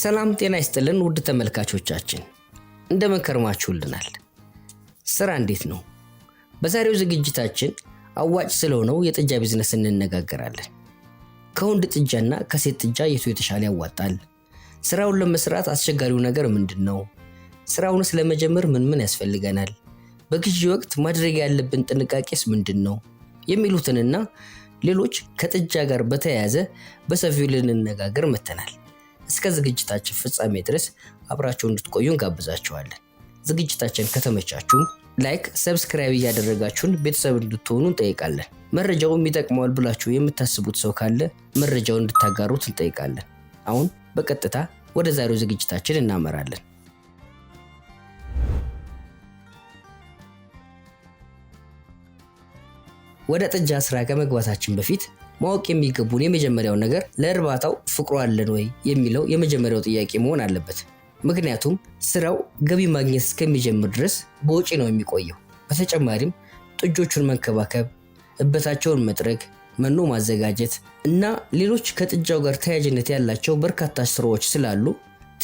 ሰላም ጤና ይስጥልን ውድ ተመልካቾቻችን እንደምን ከርማችሁልናል? ስራ እንዴት ነው? በዛሬው ዝግጅታችን አዋጭ ስለሆነው የጥጃ ቢዝነስ እንነጋገራለን። ከወንድ ጥጃና ከሴት ጥጃ የቱ የተሻለ ያዋጣል? ስራውን ለመስራት አስቸጋሪው ነገር ምንድን ነው? ስራውንስ ለመጀመር ምን ምን ያስፈልገናል? በግዢ ወቅት ማድረግ ያለብን ጥንቃቄስ ምንድን ነው? የሚሉትንና ሌሎች ከጥጃ ጋር በተያያዘ በሰፊው ልንነጋገር መተናል። እስከ ዝግጅታችን ፍጻሜ ድረስ አብራችሁ እንድትቆዩ እንጋብዛችኋለን። ዝግጅታችን ከተመቻችሁ ላይክ፣ ሰብስክራይብ እያደረጋችሁን ቤተሰብ እንድትሆኑ እንጠይቃለን። መረጃው ይጠቅመዋል ብላችሁ የምታስቡት ሰው ካለ መረጃውን እንድታጋሩት እንጠይቃለን። አሁን በቀጥታ ወደ ዛሬው ዝግጅታችን እናመራለን። ወደ ጥጃ ስራ ከመግባታችን በፊት ማወቅ የሚገቡን የመጀመሪያውን ነገር ለእርባታው ፍቅሩ አለን ወይ የሚለው የመጀመሪያው ጥያቄ መሆን አለበት። ምክንያቱም ስራው ገቢ ማግኘት እስከሚጀምር ድረስ በውጪ ነው የሚቆየው። በተጨማሪም ጥጆቹን መንከባከብ፣ እበታቸውን መጥረግ፣ መኖ ማዘጋጀት እና ሌሎች ከጥጃው ጋር ተያያዥነት ያላቸው በርካታ ስራዎች ስላሉ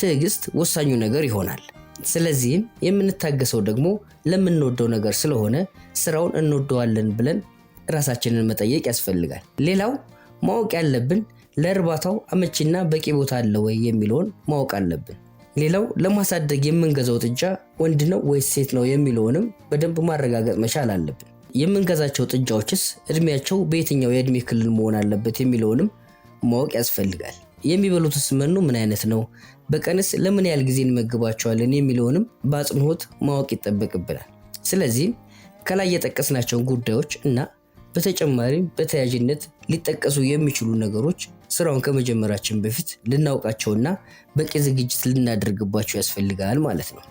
ትዕግስት ወሳኙ ነገር ይሆናል። ስለዚህም የምንታገሰው ደግሞ ለምንወደው ነገር ስለሆነ ስራውን እንወደዋለን ብለን ራሳችንን መጠየቅ ያስፈልጋል። ሌላው ማወቅ ያለብን ለእርባታው አመቺና በቂ ቦታ አለ ወይ የሚለውን ማወቅ አለብን። ሌላው ለማሳደግ የምንገዛው ጥጃ ወንድ ነው ወይስ ሴት ነው የሚለውንም በደንብ ማረጋገጥ መቻል አለብን። የምንገዛቸው ጥጃዎችስ እድሜያቸው በየትኛው የእድሜ ክልል መሆን አለበት የሚለውንም ማወቅ ያስፈልጋል። የሚበሉትስ መኖ ምን አይነት ነው፣ በቀንስ ለምን ያህል ጊዜ እንመግባቸዋለን የሚለውንም በአጽንኦት ማወቅ ይጠበቅብናል። ስለዚህም ከላይ የጠቀስናቸውን ጉዳዮች እና በተጨማሪም በተያያዥነት ሊጠቀሱ የሚችሉ ነገሮች ስራውን ከመጀመራችን በፊት ልናውቃቸውና በቂ ዝግጅት ልናደርግባቸው ያስፈልጋል ማለት ነው።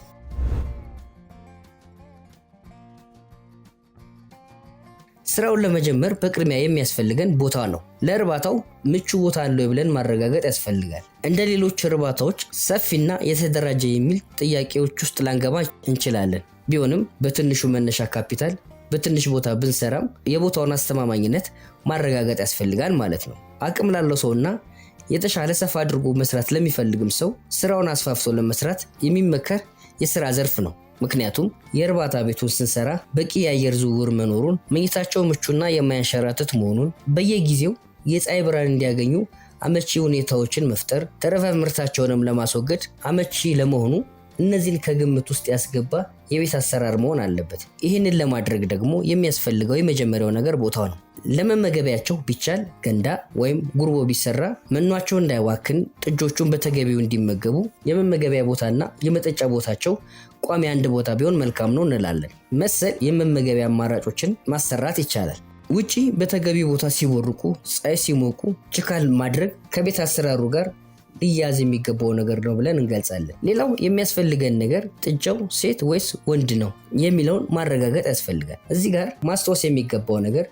ስራውን ለመጀመር በቅድሚያ የሚያስፈልገን ቦታ ነው። ለእርባታው ምቹ ቦታ አለው ብለን ማረጋገጥ ያስፈልጋል። እንደ ሌሎች እርባታዎች ሰፊና የተደራጀ የሚል ጥያቄዎች ውስጥ ላንገባ እንችላለን። ቢሆንም በትንሹ መነሻ ካፒታል በትንሽ ቦታ ብንሰራም የቦታውን አስተማማኝነት ማረጋገጥ ያስፈልጋል ማለት ነው። አቅም ላለው ሰውና የተሻለ ሰፋ አድርጎ መስራት ለሚፈልግም ሰው ስራውን አስፋፍቶ ለመስራት የሚመከር የስራ ዘርፍ ነው። ምክንያቱም የእርባታ ቤቱን ስንሰራ በቂ የአየር ዝውውር መኖሩን፣ መኝታቸው ምቹና የማያንሸራትት መሆኑን፣ በየጊዜው የፀሐይ ብርሃን እንዲያገኙ አመቺ ሁኔታዎችን መፍጠር፣ ተረፈ ምርታቸውንም ለማስወገድ አመቺ ለመሆኑ እነዚህን ከግምት ውስጥ ያስገባ የቤት አሰራር መሆን አለበት። ይህንን ለማድረግ ደግሞ የሚያስፈልገው የመጀመሪያው ነገር ቦታው ነው። ለመመገቢያቸው ቢቻል ገንዳ ወይም ጉርቦ ቢሰራ መኗቸው እንዳይዋክን ጥጆቹን በተገቢው እንዲመገቡ የመመገቢያ ቦታና የመጠጫ ቦታቸው ቋሚ አንድ ቦታ ቢሆን መልካም ነው እንላለን። መሰል የመመገቢያ አማራጮችን ማሰራት ይቻላል። ውጪ በተገቢ ቦታ ሲቦርቁ፣ ፀሐይ ሲሞቁ ችካል ማድረግ ከቤት አሰራሩ ጋር ሊያዝ የሚገባው ነገር ነው ብለን እንገልጻለን። ሌላው የሚያስፈልገን ነገር ጥጃው ሴት ወይስ ወንድ ነው የሚለውን ማረጋገጥ ያስፈልጋል። እዚህ ጋር ማስታወስ የሚገባው ነገር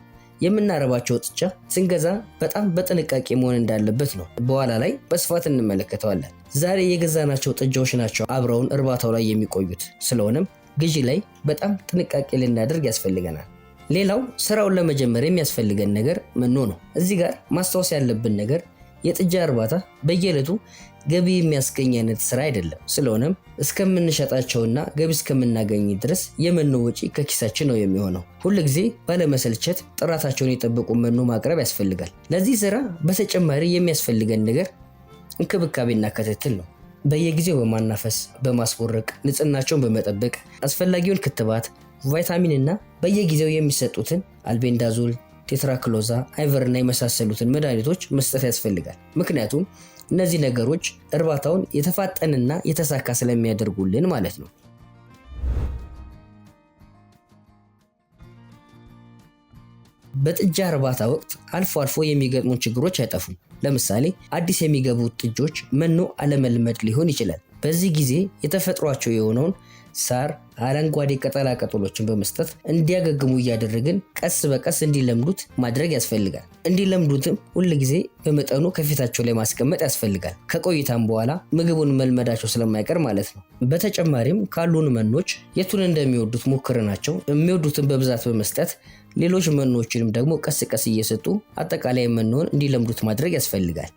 የምናረባቸው ጥጃ ስንገዛ በጣም በጥንቃቄ መሆን እንዳለበት ነው። በኋላ ላይ በስፋት እንመለከተዋለን። ዛሬ የገዛናቸው ጥጃዎች ናቸው አብረውን እርባታው ላይ የሚቆዩት። ስለሆነም ግዢ ላይ በጣም ጥንቃቄ ልናደርግ ያስፈልገናል። ሌላው ስራውን ለመጀመር የሚያስፈልገን ነገር መኖ ነው። እዚህ ጋር ማስታወስ ያለብን ነገር የጥጃ እርባታ በየዕለቱ ገቢ የሚያስገኝ አይነት ስራ አይደለም። ስለሆነም እስከምንሸጣቸውና ገቢ እስከምናገኝ ድረስ የመኖ ወጪ ከኪሳችን ነው የሚሆነው። ሁልጊዜ ባለመሰልቸት ጥራታቸውን የጠበቁ መኖ ማቅረብ ያስፈልጋል። ለዚህ ስራ በተጨማሪ የሚያስፈልገን ነገር እንክብካቤና ክትትል ነው። በየጊዜው በማናፈስ በማስቦረቅ ንጽህናቸውን በመጠበቅ አስፈላጊውን ክትባት ቫይታሚንና በየጊዜው የሚሰጡትን አልቤንዳዞል ቴትራክሎዛ፣ አይቨርና የመሳሰሉትን መድኃኒቶች መስጠት ያስፈልጋል። ምክንያቱም እነዚህ ነገሮች እርባታውን የተፋጠንና የተሳካ ስለሚያደርጉልን ማለት ነው። በጥጃ እርባታ ወቅት አልፎ አልፎ የሚገጥሙ ችግሮች አይጠፉም። ለምሳሌ አዲስ የሚገቡት ጥጆች መኖ አለመልመድ ሊሆን ይችላል። በዚህ ጊዜ የተፈጥሯቸው የሆነውን ሳር፣ አረንጓዴ ቅጠላ ቅጠሎችን በመስጠት እንዲያገግሙ እያደረግን ቀስ በቀስ እንዲለምዱት ማድረግ ያስፈልጋል። እንዲለምዱትም ሁል ጊዜ በመጠኑ ከፊታቸው ላይ ማስቀመጥ ያስፈልጋል። ከቆይታም በኋላ ምግቡን መልመዳቸው ስለማይቀር ማለት ነው። በተጨማሪም ካሉን መኖች የቱን እንደሚወዱት ናቸው የሚወዱትን በብዛት በመስጠት ሌሎች መኖችንም ደግሞ ቀስ ቀስ እየሰጡ አጠቃላይ መኖን እንዲለምዱት ማድረግ ያስፈልጋል።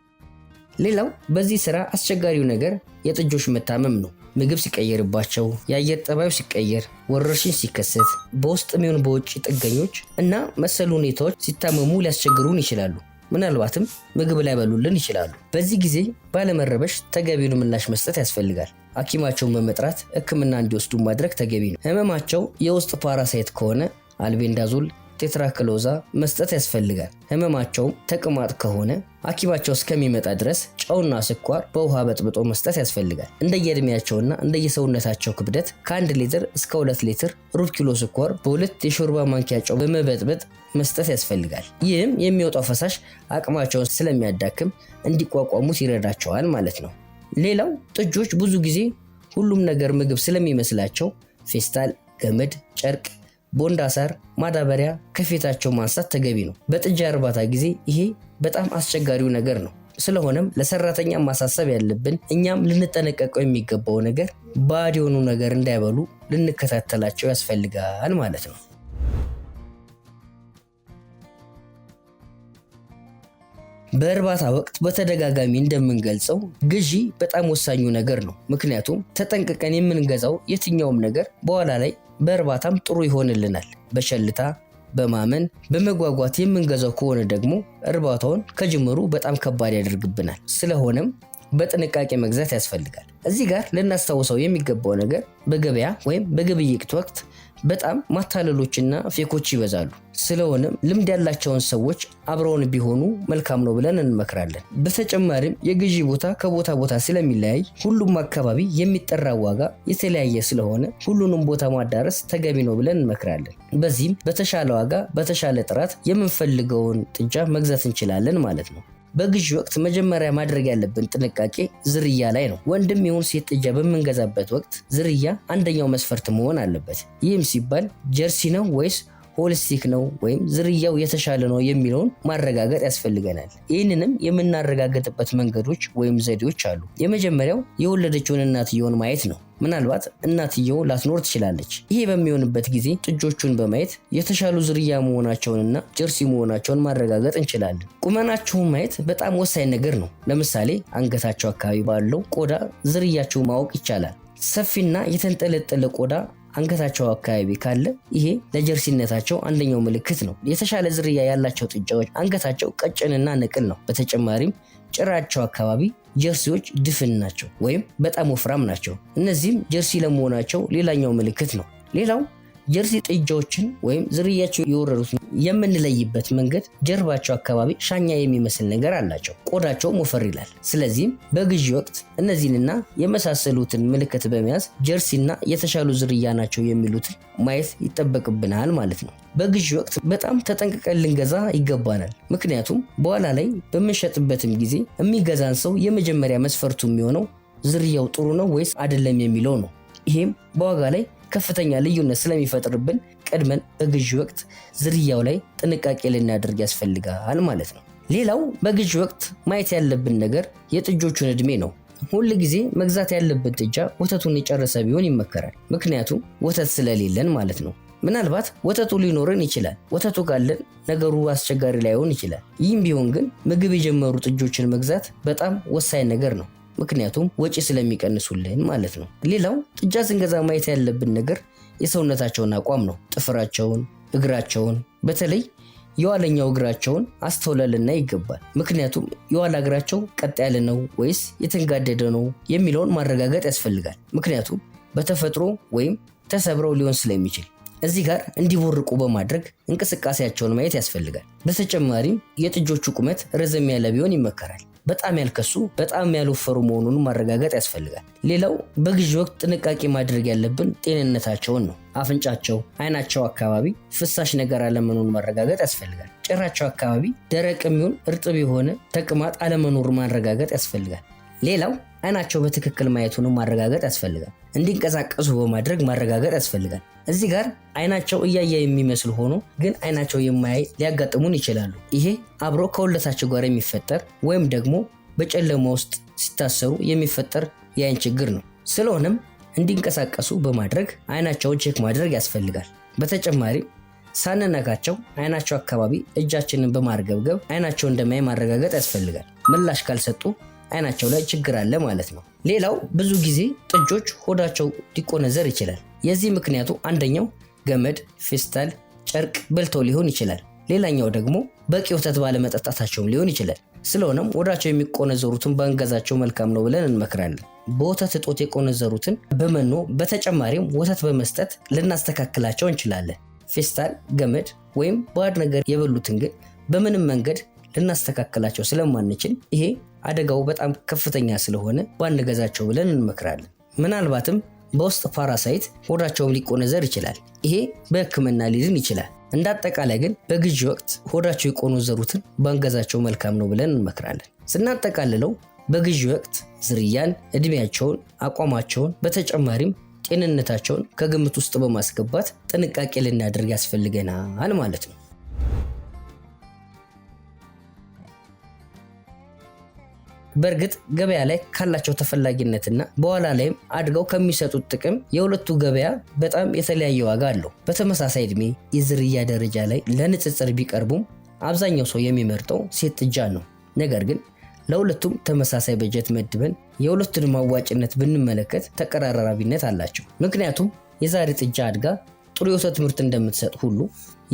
ሌላው በዚህ ስራ አስቸጋሪው ነገር የጥጆች መታመም ነው። ምግብ ሲቀየርባቸው፣ የአየር ጠባዩ ሲቀየር፣ ወረርሽኝ ሲከሰት፣ በውስጥ የሚሆን በውጭ ጥገኞች እና መሰሉ ሁኔታዎች ሲታመሙ ሊያስቸግሩን ይችላሉ። ምናልባትም ምግብ ላይበሉልን ይችላሉ። በዚህ ጊዜ ባለመረበሽ ተገቢውን ምላሽ መስጠት ያስፈልጋል። ሐኪማቸውን በመጥራት ሕክምና እንዲወስዱ ማድረግ ተገቢ ነው። ህመማቸው የውስጥ ፓራሳይት ከሆነ አልቤንዳዞል ቴትራክሎዛ መስጠት ያስፈልጋል። ህመማቸውም ተቅማጥ ከሆነ አኪባቸው እስከሚመጣ ድረስ ጨውና ስኳር በውሃ በጥብጦ መስጠት ያስፈልጋል። እንደየእድሜያቸውና እንደየሰውነታቸው ክብደት ከአንድ ሊትር እስከ ሁለት ሊትር ሩብ ኪሎ ስኳር በሁለት የሾርባ ማንኪያ ጨው በመበጥበጥ መስጠት ያስፈልጋል። ይህም የሚወጣው ፈሳሽ አቅማቸውን ስለሚያዳክም እንዲቋቋሙት ይረዳቸዋል ማለት ነው። ሌላው ጥጆች ብዙ ጊዜ ሁሉም ነገር ምግብ ስለሚመስላቸው ፌስታል፣ ገመድ፣ ጨርቅ ቦንዳ ሳር፣ ማዳበሪያ ከፊታቸው ማንሳት ተገቢ ነው። በጥጃ እርባታ ጊዜ ይሄ በጣም አስቸጋሪው ነገር ነው። ስለሆነም ለሰራተኛ ማሳሰብ ያለብን እኛም ልንጠነቀቀው የሚገባው ነገር ባዕድ የሆኑ ነገር እንዳይበሉ ልንከታተላቸው ያስፈልጋል ማለት ነው። በእርባታ ወቅት በተደጋጋሚ እንደምንገልጸው ግዢ በጣም ወሳኙ ነገር ነው። ምክንያቱም ተጠንቅቀን የምንገዛው የትኛውም ነገር በኋላ ላይ በእርባታም ጥሩ ይሆንልናል። በቸልታ በማመን በመጓጓት የምንገዛው ከሆነ ደግሞ እርባታውን ከጅምሩ በጣም ከባድ ያደርግብናል። ስለሆነም በጥንቃቄ መግዛት ያስፈልጋል። እዚህ ጋር ልናስታውሰው የሚገባው ነገር በገበያ ወይም በግብይት ወቅት በጣም ማታለሎችና ፌኮች ይበዛሉ። ስለሆነም ልምድ ያላቸውን ሰዎች አብረውን ቢሆኑ መልካም ነው ብለን እንመክራለን። በተጨማሪም የግዢ ቦታ ከቦታ ቦታ ስለሚለያይ ሁሉም አካባቢ የሚጠራ ዋጋ የተለያየ ስለሆነ ሁሉንም ቦታ ማዳረስ ተገቢ ነው ብለን እንመክራለን። በዚህም በተሻለ ዋጋ በተሻለ ጥራት የምንፈልገውን ጥጃ መግዛት እንችላለን ማለት ነው። በግዢ ወቅት መጀመሪያ ማድረግ ያለብን ጥንቃቄ ዝርያ ላይ ነው። ወንድም ይሁን ሴት ጥጃ በምንገዛበት ወቅት ዝርያ አንደኛው መስፈርት መሆን አለበት። ይህም ሲባል ጀርሲ ነው ወይስ ሆሊስቲክ ነው ወይም ዝርያው የተሻለ ነው የሚለውን ማረጋገጥ ያስፈልገናል። ይህንንም የምናረጋገጥበት መንገዶች ወይም ዘዴዎች አሉ። የመጀመሪያው የወለደችውን እናትየውን ማየት ነው። ምናልባት እናትየው ላትኖር ትችላለች። ይሄ በሚሆንበት ጊዜ ጥጆቹን በማየት የተሻሉ ዝርያ መሆናቸውንና ጀርሲ መሆናቸውን ማረጋገጥ እንችላለን። ቁመናቸውን ማየት በጣም ወሳኝ ነገር ነው። ለምሳሌ አንገታቸው አካባቢ ባለው ቆዳ ዝርያቸው ማወቅ ይቻላል። ሰፊና የተንጠለጠለ ቆዳ አንገታቸው አካባቢ ካለ ይሄ ለጀርሲነታቸው አንደኛው ምልክት ነው። የተሻለ ዝርያ ያላቸው ጥጃዎች አንገታቸው ቀጭንና ንቅል ነው። በተጨማሪም ጭራቸው አካባቢ ጀርሲዎች ድፍን ናቸው ወይም በጣም ወፍራም ናቸው። እነዚህም ጀርሲ ለመሆናቸው ሌላኛው ምልክት ነው። ሌላው ጀርሲ ጥጃዎችን ወይም ዝርያቸው የወረዱት የምንለይበት መንገድ ጀርባቸው አካባቢ ሻኛ የሚመስል ነገር አላቸው። ቆዳቸው ሞፈር ይላል። ስለዚህም በግዢ ወቅት እነዚህንና የመሳሰሉትን ምልክት በመያዝ ጀርሲና የተሻሉ ዝርያ ናቸው የሚሉትን ማየት ይጠበቅብናል ማለት ነው። በግዢ ወቅት በጣም ተጠንቅቀን ልንገዛ ይገባናል። ምክንያቱም በኋላ ላይ በምንሸጥበትም ጊዜ የሚገዛን ሰው የመጀመሪያ መስፈርቱ የሚሆነው ዝርያው ጥሩ ነው ወይስ አይደለም የሚለው ነው። ይሄም በዋጋ ላይ ከፍተኛ ልዩነት ስለሚፈጥርብን ቀድመን በግዥ ወቅት ዝርያው ላይ ጥንቃቄ ልናደርግ ያስፈልጋል ማለት ነው። ሌላው በግዥ ወቅት ማየት ያለብን ነገር የጥጆቹን እድሜ ነው። ሁል ጊዜ መግዛት ያለብን ጥጃ ወተቱን የጨረሰ ቢሆን ይመከራል። ምክንያቱም ወተት ስለሌለን ማለት ነው። ምናልባት ወተቱ ሊኖረን ይችላል። ወተቱ ካለን ነገሩ አስቸጋሪ ላይሆን ይችላል። ይህም ቢሆን ግን ምግብ የጀመሩ ጥጆችን መግዛት በጣም ወሳኝ ነገር ነው። ምክንያቱም ወጪ ስለሚቀንሱልን ማለት ነው። ሌላው ጥጃ ስንገዛ ማየት ያለብን ነገር የሰውነታቸውን አቋም ነው። ጥፍራቸውን፣ እግራቸውን በተለይ የኋለኛው እግራቸውን አስተውለልና ይገባል። ምክንያቱም የኋላ እግራቸው ቀጥ ያለ ነው ወይስ የተንጋደደ ነው የሚለውን ማረጋገጥ ያስፈልጋል። ምክንያቱም በተፈጥሮ ወይም ተሰብረው ሊሆን ስለሚችል እዚህ ጋር እንዲቦርቁ በማድረግ እንቅስቃሴያቸውን ማየት ያስፈልጋል። በተጨማሪም የጥጆቹ ቁመት ረዘም ያለ ቢሆን ይመከራል። በጣም ያልከሱ በጣም ያልወፈሩ መሆኑን ማረጋገጥ ያስፈልጋል። ሌላው በግዢ ወቅት ጥንቃቄ ማድረግ ያለብን ጤንነታቸውን ነው። አፍንጫቸው፣ አይናቸው አካባቢ ፍሳሽ ነገር አለመኖር ማረጋገጥ ያስፈልጋል። ጭራቸው አካባቢ ደረቅ የሚሆን እርጥብ የሆነ ተቅማጥ አለመኖር ማረጋገጥ ያስፈልጋል። ሌላው አይናቸው በትክክል ሆኖ ማረጋገጥ ያስፈልጋል። እንዲንቀሳቀሱ በማድረግ ማረጋገጥ ያስፈልጋል። እዚህ ጋር አይናቸው እያየ የሚመስል ሆኖ ግን አይናቸው የማያይ ሊያጋጥሙን ይችላሉ። ይሄ አብሮ ከሁለታቸው ጋር የሚፈጠር ወይም ደግሞ በጨለማ ውስጥ ሲታሰሩ የሚፈጠር የአይን ችግር ነው። ስለሆነም እንዲንቀሳቀሱ በማድረግ አይናቸውን ቼክ ማድረግ ያስፈልጋል። በተጨማሪም ሳንነካቸው አይናቸው አካባቢ እጃችንን በማርገብገብ አይናቸው እንደማይ ማረጋገጥ ያስፈልጋል። ምላሽ ካልሰጡ አይናቸው ላይ ችግር አለ ማለት ነው። ሌላው ብዙ ጊዜ ጥጆች ሆዳቸው ሊቆነዘር ይችላል። የዚህ ምክንያቱ አንደኛው ገመድ፣ ፌስታል፣ ጨርቅ በልተው ሊሆን ይችላል። ሌላኛው ደግሞ በቂ ወተት ባለመጠጣታቸውም ሊሆን ይችላል። ስለሆነም ሆዳቸው የሚቆነዘሩትን ባንገዛቸው መልካም ነው ብለን እንመክራለን። በወተት እጦት የቆነዘሩትን በመኖ በተጨማሪም ወተት በመስጠት ልናስተካክላቸው እንችላለን። ፌስታል፣ ገመድ ወይም ባዕድ ነገር የበሉትን ግን በምንም መንገድ ልናስተካክላቸው ስለማንችል ይሄ አደጋው በጣም ከፍተኛ ስለሆነ ባንገዛቸው ብለን እንመክራለን። ምናልባትም በውስጥ ፓራሳይት ሆዳቸውም ሊቆነዘር ይችላል። ይሄ በሕክምና ሊድን ይችላል። እንደ አጠቃላይ ግን በግዢ ወቅት ሆዳቸው የቆነዘሩትን ባንገዛቸው መልካም ነው ብለን እንመክራለን። ስናጠቃልለው በግዢ ወቅት ዝርያን፣ እድሜያቸውን፣ አቋማቸውን በተጨማሪም ጤንነታቸውን ከግምት ውስጥ በማስገባት ጥንቃቄ ልናደርግ ያስፈልገናል ማለት ነው። በእርግጥ ገበያ ላይ ካላቸው ተፈላጊነትና በኋላ ላይም አድገው ከሚሰጡት ጥቅም የሁለቱ ገበያ በጣም የተለያየ ዋጋ አለው። በተመሳሳይ እድሜ የዝርያ ደረጃ ላይ ለንጽጽር ቢቀርቡም አብዛኛው ሰው የሚመርጠው ሴት ጥጃ ነው። ነገር ግን ለሁለቱም ተመሳሳይ በጀት መድበን የሁለቱንም አዋጭነት ብንመለከት ተቀራራቢነት አላቸው። ምክንያቱም የዛሬ ጥጃ አድጋ ጥሩ የወተት ትምህርት እንደምትሰጥ ሁሉ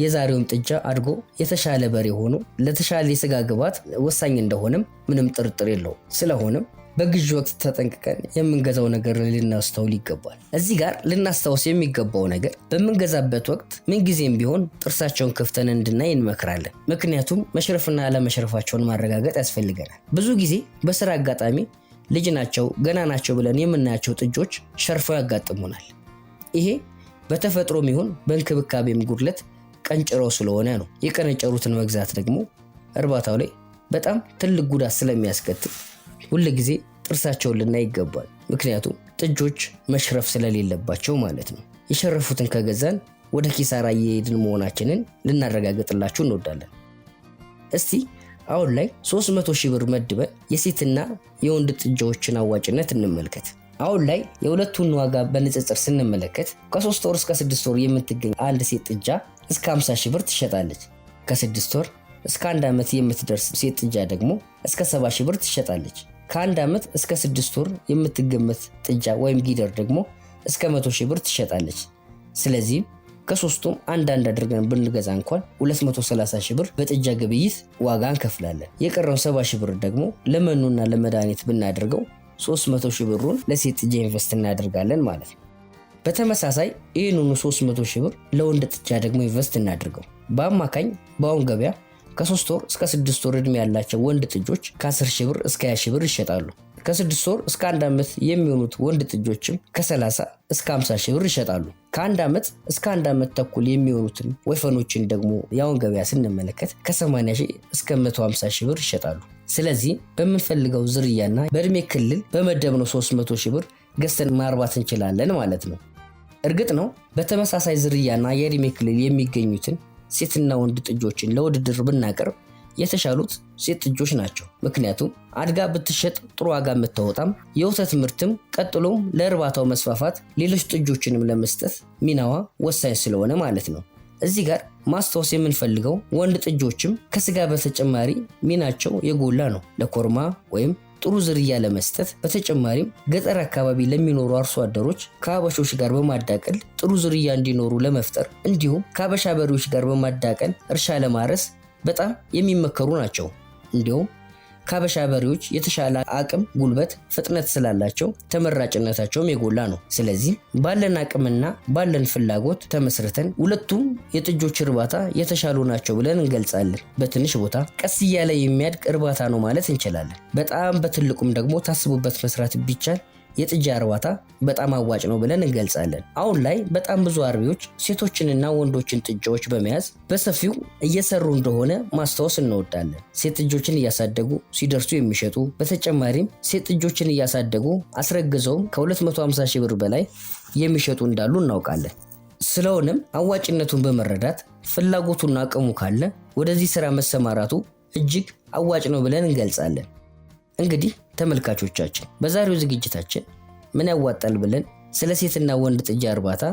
የዛሬውም ጥጃ አድጎ የተሻለ በሬ ሆኖ ለተሻለ የስጋ ግብዓት ወሳኝ እንደሆነም ምንም ጥርጥር የለው ስለሆነም በግዢ ወቅት ተጠንቅቀን የምንገዛው ነገር ልናስተውል ይገባል። እዚህ ጋር ልናስታውስ የሚገባው ነገር በምንገዛበት ወቅት ምንጊዜም ቢሆን ጥርሳቸውን ከፍተን እንድናይ እንመክራለን። ምክንያቱም መሽረፍና አለመሽረፋቸውን ማረጋገጥ ያስፈልገናል። ብዙ ጊዜ በስራ አጋጣሚ ልጅ ናቸው ገና ናቸው ብለን የምናያቸው ጥጆች ሸርፈው ያጋጥሙናል። ይሄ በተፈጥሮም ይሁን በእንክብካቤም ጉድለት ቀንጭሮ ስለሆነ ነው። የቀነጨሩትን መግዛት ደግሞ እርባታው ላይ በጣም ትልቅ ጉዳት ስለሚያስከትል ጊዜ ጥርሳቸውን ልናይ ይገባል። ምክንያቱም ጥጆች መሽረፍ ስለሌለባቸው ማለት ነው። የሸረፉትን ከገዛን ወደ ኪሳራ እየሄድን መሆናችንን ልናረጋግጥላችሁ እንወዳለን። እስቲ አሁን ላይ 300 ሺህ ብር መድበን የሴትና የወንድ ጥጃዎችን አዋጭነት እንመልከት። አሁን ላይ የሁለቱን ዋጋ በንጽጽር ስንመለከት ከሶስት ወር እስከ ስድስት ወር የምትገኝ አንድ ሴት ጥጃ እስከ 50 ሺህ ብር ትሸጣለች። ከስድስት ወር እስከ አንድ ዓመት የምትደርስ ሴት ጥጃ ደግሞ እስከ 70 ሺህ ብር ትሸጣለች። ከአንድ ዓመት እስከ ስድስት ወር የምትገመት ጥጃ ወይም ጊደር ደግሞ እስከ 100 ሺህ ብር ትሸጣለች። ስለዚህም ከሶስቱም አንዳንድ አድርገን ብንገዛ እንኳን 230 ሺህ ብር በጥጃ ግብይት ዋጋ እንከፍላለን። የቀረው 70 ሺህ ብር ደግሞ ለመኖና ለመድኃኒት ብናደርገው 300 ሺህ ብሩን ለሴት ጥጃ ኢንቨስት እናደርጋለን ማለት ነው። በተመሳሳይ ይህንኑ 300 ሺህ ብር ለወንድ ጥጃ ደግሞ ኢንቨስት እናድርገው። በአማካኝ በአሁን ገበያ ከ3 ወር እስከ 6 ወር ዕድሜ ያላቸው ወንድ ጥጆች ከ10 ሺህ ብር እስከ 20 ሺህ ብር ይሸጣሉ። ከስድስት ወር እስከ አንድ ዓመት የሚሆኑት ወንድ ጥጆችም ከ30 እስከ 50 ሺህ ብር ይሸጣሉ። ከአንድ ዓመት እስከ አንድ ዓመት ተኩል የሚሆኑትን ወይፈኖችን ደግሞ የአሁን ገበያ ስንመለከት ከ80 ሺህ እስከ 150 ሺህ ብር ይሸጣሉ። ስለዚህ በምንፈልገው ዝርያና በእድሜ ክልል በመደብነው 300 ሺህ ብር ገዝተን ማርባት እንችላለን ማለት ነው። እርግጥ ነው በተመሳሳይ ዝርያና የእድሜ ክልል የሚገኙትን ሴትና ወንድ ጥጆችን ለውድድር ብናቀርብ የተሻሉት ሴት ጥጆች ናቸው። ምክንያቱም አድጋ ብትሸጥ ጥሩ ዋጋ የምታወጣም የወተት ምርትም ቀጥሎም ለእርባታው መስፋፋት ሌሎች ጥጆችንም ለመስጠት ሚናዋ ወሳኝ ስለሆነ ማለት ነው። እዚህ ጋር ማስታወስ የምንፈልገው ወንድ ጥጆችም ከስጋ በተጨማሪ ሚናቸው የጎላ ነው። ለኮርማ ወይም ጥሩ ዝርያ ለመስጠት በተጨማሪም ገጠር አካባቢ ለሚኖሩ አርሶ አደሮች ከአበሾች ጋር በማዳቀል ጥሩ ዝርያ እንዲኖሩ ለመፍጠር እንዲሁም ከሀበሻ በሬዎች ጋር በማዳቀል እርሻ ለማረስ በጣም የሚመከሩ ናቸው። እንዲሁም ከበሻ በሬዎች የተሻለ አቅም፣ ጉልበት፣ ፍጥነት ስላላቸው ተመራጭነታቸውም የጎላ ነው። ስለዚህ ባለን አቅምና ባለን ፍላጎት ተመስርተን ሁለቱም የጥጆች እርባታ የተሻሉ ናቸው ብለን እንገልጻለን። በትንሽ ቦታ ቀስ እያለ የሚያድግ እርባታ ነው ማለት እንችላለን። በጣም በትልቁም ደግሞ ታስቡበት መስራት ቢቻል የጥጃ እርባታ በጣም አዋጭ ነው ብለን እንገልጻለን። አሁን ላይ በጣም ብዙ አርቢዎች ሴቶችንና ወንዶችን ጥጃዎች በመያዝ በሰፊው እየሰሩ እንደሆነ ማስታወስ እንወዳለን። ሴት ጥጆችን እያሳደጉ ሲደርሱ የሚሸጡ በተጨማሪም ሴት ጥጆችን እያሳደጉ አስረግዘውም ከ250 ሺህ ብር በላይ የሚሸጡ እንዳሉ እናውቃለን። ስለሆነም አዋጭነቱን በመረዳት ፍላጎቱና አቅሙ ካለ ወደዚህ ስራ መሰማራቱ እጅግ አዋጭ ነው ብለን እንገልጻለን። እንግዲህ ተመልካቾቻችን በዛሬው ዝግጅታችን ምን ያዋጣል ብለን ስለ ሴትና ወንድ ጥጃ እርባታ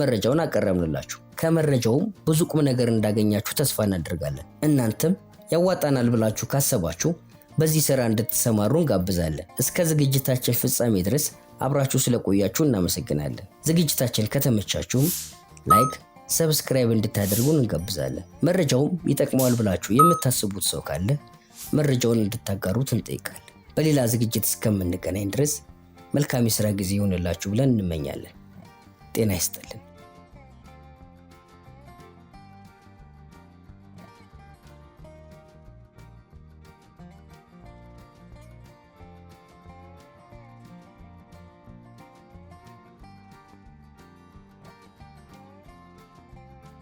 መረጃውን አቀረብንላችሁ። ከመረጃውም ብዙ ቁም ነገር እንዳገኛችሁ ተስፋ እናደርጋለን። እናንተም ያዋጣናል ብላችሁ ካሰባችሁ በዚህ ስራ እንድትሰማሩ እንጋብዛለን። እስከ ዝግጅታችን ፍጻሜ ድረስ አብራችሁ ስለቆያችሁ እናመሰግናለን። ዝግጅታችን ከተመቻችሁም ላይክ፣ ሰብስክራይብ እንድታደርጉን እንጋብዛለን። መረጃውም ይጠቅመዋል ብላችሁ የምታስቡት ሰው ካለ መረጃውን እንድታጋሩት እንጠይቃለን። በሌላ ዝግጅት እስከምንገናኝ ድረስ መልካም የሥራ ጊዜ ይሆንላችሁ ብለን እንመኛለን። ጤና ይስጥልን።